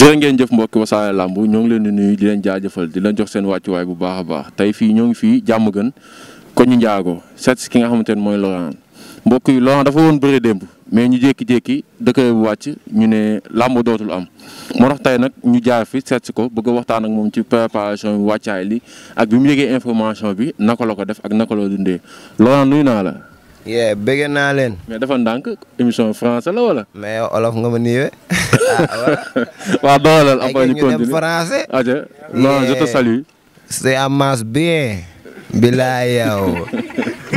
jërë ngeen jëf mbokki wasaare làmb ñoo ngi leen di nuyu di leen jaajëfal di leen jox seen wàccuwaay bu baax a baax tey fii ñoo ngi fii jàmm gën ko ñu njaago seet ki nga xamante ne mooy Laurent mbokk yi Laurent dafa woon bëri démb mais ñu jékki-jékki dëkk bu wàcc ñu ne làmb dootul am moo tax tey nag ñu jaar fi seet ko bëgg a waxtaan ak moom ci préparation bi wàccaay li ak bi mu yëgee information bi naka la ko def ak naka la dundee Laurent nuyu naa la. yee bëgg naa leen. mais dafa ndànk émission français la wala. mais olof nga ma niiwee. Ah, waaw dooleel après ñu continuer dem français. Ah, non bien. bilaa yow.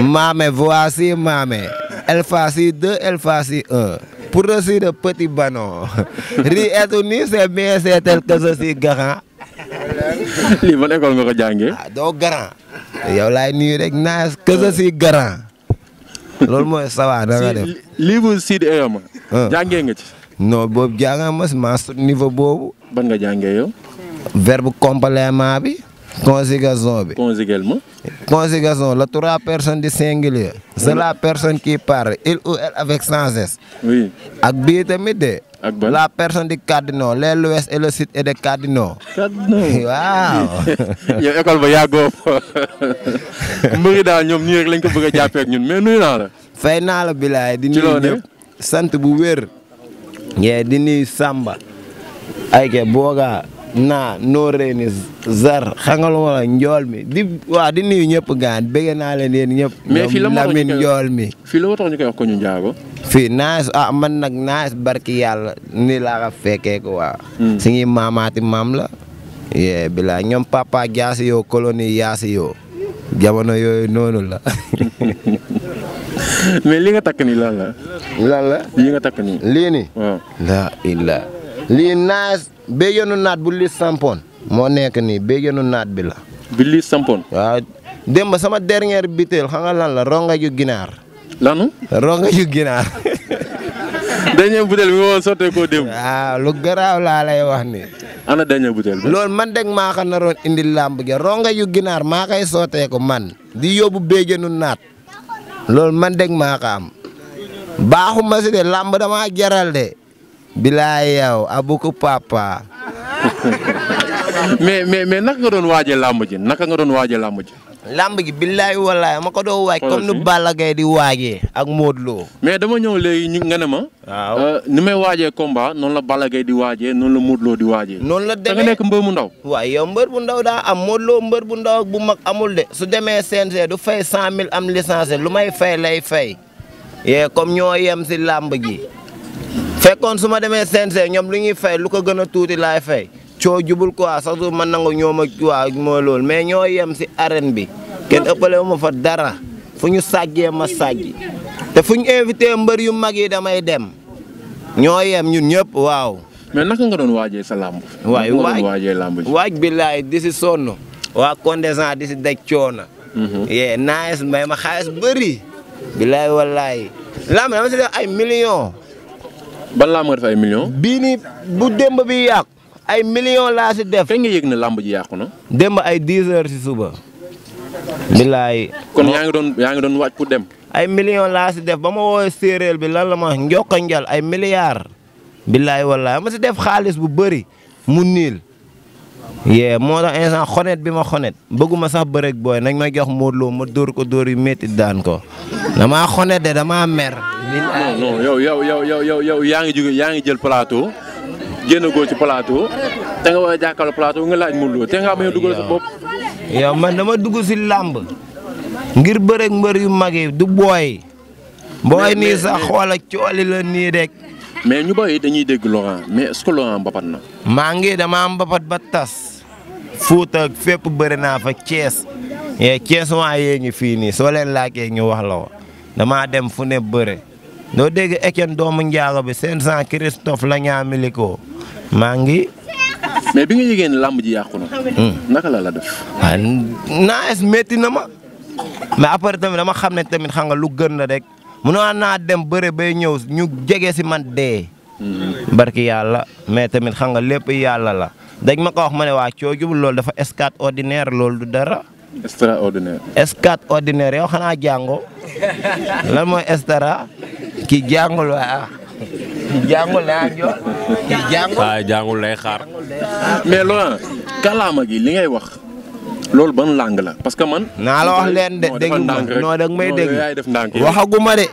maame voici maame. elle voici deux elle voici un. pour aussi de petit banon. ri etu ni c'est bien c'est tel que ceci école nga ko jàngee. Ah, doo garant. yow laay nuyu rek naas que ceci loolu mooy sawa da nga def livre Sidi Eyoma ah. jàngee nga ci non boobu jàngaa mas maa sut niveau boobu verbe complément bi conjugaison bi conjugaison la trois personne du singulier c'est la personne qui parle il ou elle avec sans ak bii tamit de ak la personne de cardinaux les l'ouest et le sud waaw. yow école ba yàggoo fa mbëri daal ñoom nii rek lañ ko bëgg a jàppee ak fay naa la bilaay sant bu wér. yee di nuyu Samba. ayke boogaa naa nooree zar xangalu ma la njool mi di waa di nuyu ñëpp gaan bëgg naa leen yéen ñëpp. mais fii fi naaj ah man nag naaj barki yàlla ni laa ko fekkee ko waa hmm. suñuy maamaati maam la. yee bilaa ñoom papa jaasi yoo colonie yaas yoo jamono yooyu noonu la. mais li nga takk nii la. lan takk nii. lii nii. Ah. la illa lii naaj béyanu naat bu lii sampoon. moo nekk nii béyanu naat bi la. bi lii sampoon. waaw démb sama dernière butéel xam nga lan la ronga ju ginaar. lanu. rongañu ginaar. dernier butéel bi ma sotteekoo ah, wax ni ana dernier butéel bi. loolu man deg maa ko indi làmb ginaar maa koy sotteeku man. di yóbbu béjjënu naat. loolu man deg maa ko am. de làmb damaa jaral de. bilaay yow abuku papa. mais mais mais naka nga doon waajee làmb ji naka nga doon waajee làmb ji. lamb gi billaay wallaay ma ko doo waaj comme nu Balla Gaye di waajee ak Modou Lo. mais dama ñëw léegi ñu nga ne ma. waaw euh, ni may waajee combat noonu la Balla di waajee noonu la Modou Lo di waajee. noonu la demee da nekk mbër bu ndaw. waaw yow mbër bu ndaw daa am Modou Lo mbër bu ndaw ak bu mag amul de. su demee CNG du fay cent mille am licence lu may fay lay fay. yee comme ñoo yem si lamb gi. fekkoon su ma demee CNG ñoom lu ñuy fay lu ko gën a tuuti laay fay. coo jubul quoi sax su ma nangu ñoo ma waa moo lool mais ñoo yem si arène bi kenn ëppale wu ma fa dara fu ñu sàjjee ma sàjji te fu ñu invité mbër yu mag yi damay dem ñoo yem ñun ñëpp waaw. mais naka nga doon waajee sa làmb. waay waaj waaj bi laay di si sonn. waa condescend di si coona mhm. yee naaj may ma xaalis bëri. bilaay walaay. làmb dama si def ay millions. ban làmb nga def ay millions. bii bu démb bi yàqu. ay million laa si def. kañ nga yëg na làmb ji yàqu na. démb ay 10 heures si suba. bilaay. kon yaa ngi doon yaa ngi doon waaj pour dem. ay million laa si def ba ma woowee séeréer bi lan la ma njokk njal ay milliards. bilaay wallaay ma si def xaalis bu bëri mu niil. yee moo tax xonet bi ma xonet bëgguma sax bërëg booy nañ ma jox Modou Lo ma dóor ko dóor yu métti daan ko damaa xonet de damaa mer. non non yow yow yow yow yow yaa ngi jóge yaa ngi jël plateau. génnagoo ci plateau da nga war a jàkkaarloo plateau nga laaj Modou Lo te nga bañ a dugal sa bopp. man dama dugg si làmb ngir bëreeg mbër yu mag yi du booy. booy nii sax xoola cooli la nii rek. mais ñu bari dañuy dégg Laurent mais est-ce que na. maa ngi dama mbapat ba tas. Fuuta ak fépp naa fa cees yee Thiès waa yee ngi fii nii soo leen laajee ñu wax la ko dama dem fu ne bëre. doo dégg Etienne doomu Ndiago bi 500 Christophe la ñaamilikoo maa ngi. mais bi nga yëgee ne ji yàqu na. Hmm. naka la la def. Ah, naa es métti na ma. mais après dama xam ne tamit xam nga lu gën la rek mënoon naa dem bëre bay ñëw ñu jege si man dee. Hmm. barki yàlla mais tamit xam nga lépp yàlla la dañ ma ko wax ma ne waa coo jubul loolu dafa escate ordinair lool du dara. extraordinaire. escate ordinaire yow xanaa jàngoo lan mooy ki jàngul waa jàngul laa jox kii jàngul. waaw jàngul lay gi li ngay wax loolu ban làng la parce que man. naa la wax leen de dégg ma non dag may dégg de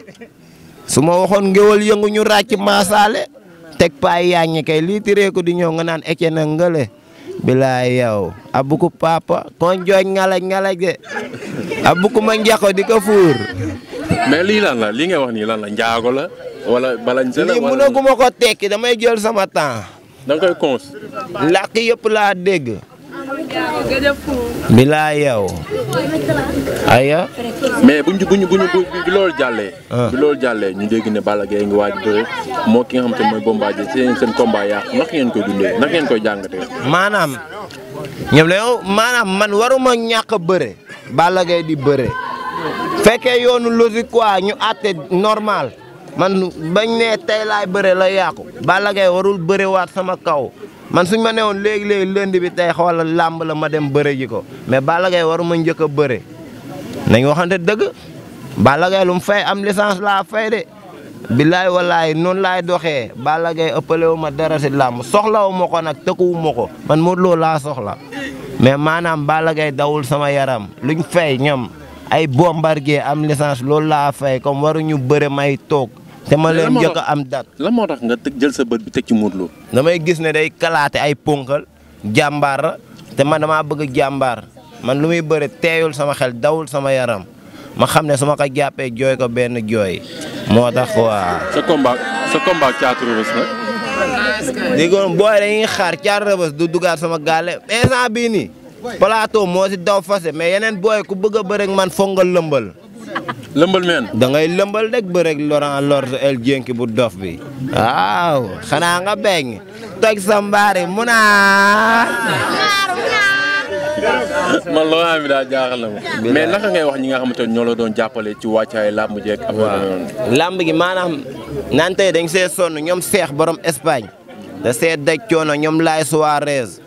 su ma waxoon ngéwal yëngu ñu ràcc maasaale teg paay yaa ngi kay ko di ñëw nga naan ecce na ngële bilaay yow abuku papa kon de abuku ma njako di ko mais lii lan la lii ngay wax nii lan la njaago la wala balañ sa la lii mënaguma ko tekki damay jël sama temps. da nga koy cons. làkk yëpp laa dégg. bi laa yow. aya mais buñ buñ buñ bi loolu jàllee. Ah. bi loolu jàllee ñu dégg ne Balla Gaye ngi waaj bëre moo ki nga xam te mooy Bombardier seen seen combat yàqu ndax ngeen koy dundee ndax ngeen koy jàngatee. maanaam ñoom la yow maanaam man waruma ñàkk a bëre. Balla Gaye di bëre. fekke yoonu logique quoi ñu àtte normal man bañ ne tey laay bëre la yaku Balla Gaye warul bërewaat sama kaw man suñ ma newoon léegi-léegi lënd bi tey xoolal làmb la ma dem bëre ji ko mais Balla Gaye waruma njëkk a bëre nañ waxante dëgg Balla lu mu fay am licence laa fay de billaay walaay noonu laay doxee Balla Gaye ëppalewu ma dara si làmb soxlawu ma ko nag tëkkuwu ko man Modou Lo laa soxla mais maanaam Balla dawul sama yaram luñ fay ñoom ay bombardier am licence loolu laa fay comme waruñu bëre may toog. te ma leen njëkk a am dat lan moo tax nga jël sa bët bi teg ci Modou Lo. damay gis ne day kalaate ay ponkal jàmbaar te man damaa bëgg jàmbaar man lu muy bëre teeyul sama xel dawul sama yaram ma xam ne su ma ko jàppee jooy ko benn jooy moo tax waa. sa combat sa combat Thiatou di ko booy dañuy xaar Thiatou Rebeuss du dugaat sama gaale instant bii nii. plateau moo si daw fase mais yeneen booy ku bëgg a man foog nga lëmbal. meen. da ngay lëmbal rek bëreeg Laurent Lorz El Dieng bu dof bi. waaw xanaa nga beñ toj sa mbaari mu naa. man loo xam ne daal na ma. mais naka ngay wax ñi nga xamante ne ñoo la doon jàppale ci wàccaay làmb jeeg. waaw làmb gi maanaam naan tey dañ see sonn ñoom seex borom españ da see daj coono ñoom Laay Suarez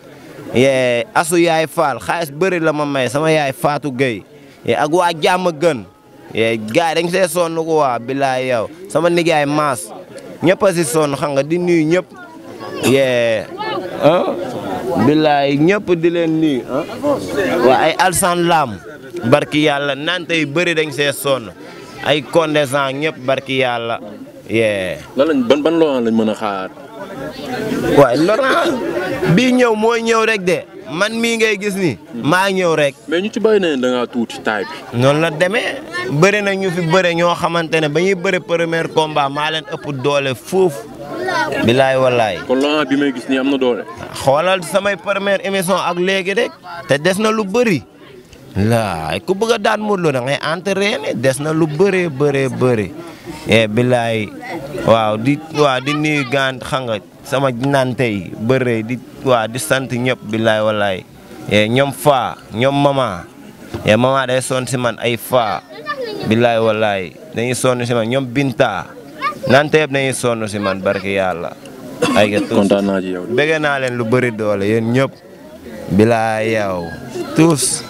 yee asu yaay faal xaalis bëri la ma may sama yaay faatu Gueye ak waa jàmm gën yee gars yi dañ see sonn ko waa bilaay yow sama nijaay maas ñëpp a si sonn xam nga di nuyu ñëpp yee ah bilaay ñëpp di leen nuyu ah waa ay alsan laam barki yàlla nante yu bëri dañ see sonn ay condescend ñëpp barki yàlla yee. lan lañ ban ban Laurent lañ mën a xaar. waaye Laurent. bii ñëw mooy ñëw rek de man mii ngay gis ni maa ñëw rek. mais ñu ci bëri na da ngaa tuuti taay bi. noonu la demee bëri na ñu fi bëre ñoo xamante ne ba ñuy bëre premier combat maa leen ëpp doole fuuf. bilaay walaay. kon Laurent bi may gis nii am na doole. xoolal samay première émission ak léegi rek te des na lu bëri. laay ku bëgg a daan Modou Lo da ngay des na lu bëree bëree bëri. e billaay waaw di waaw gaan xam sama nante yi di sant ñëpp billaay walaay e eh, ñoom faa ñoom mama e mama day sonn si man ay faa billaay walaay dañuy sonn si man ñoom binta nante yëpp dañuy sonn si man barke yàlla ay ga tuus kontaan naa ci yow leen lu bëri doole yéen ñëpp billaay yow tuus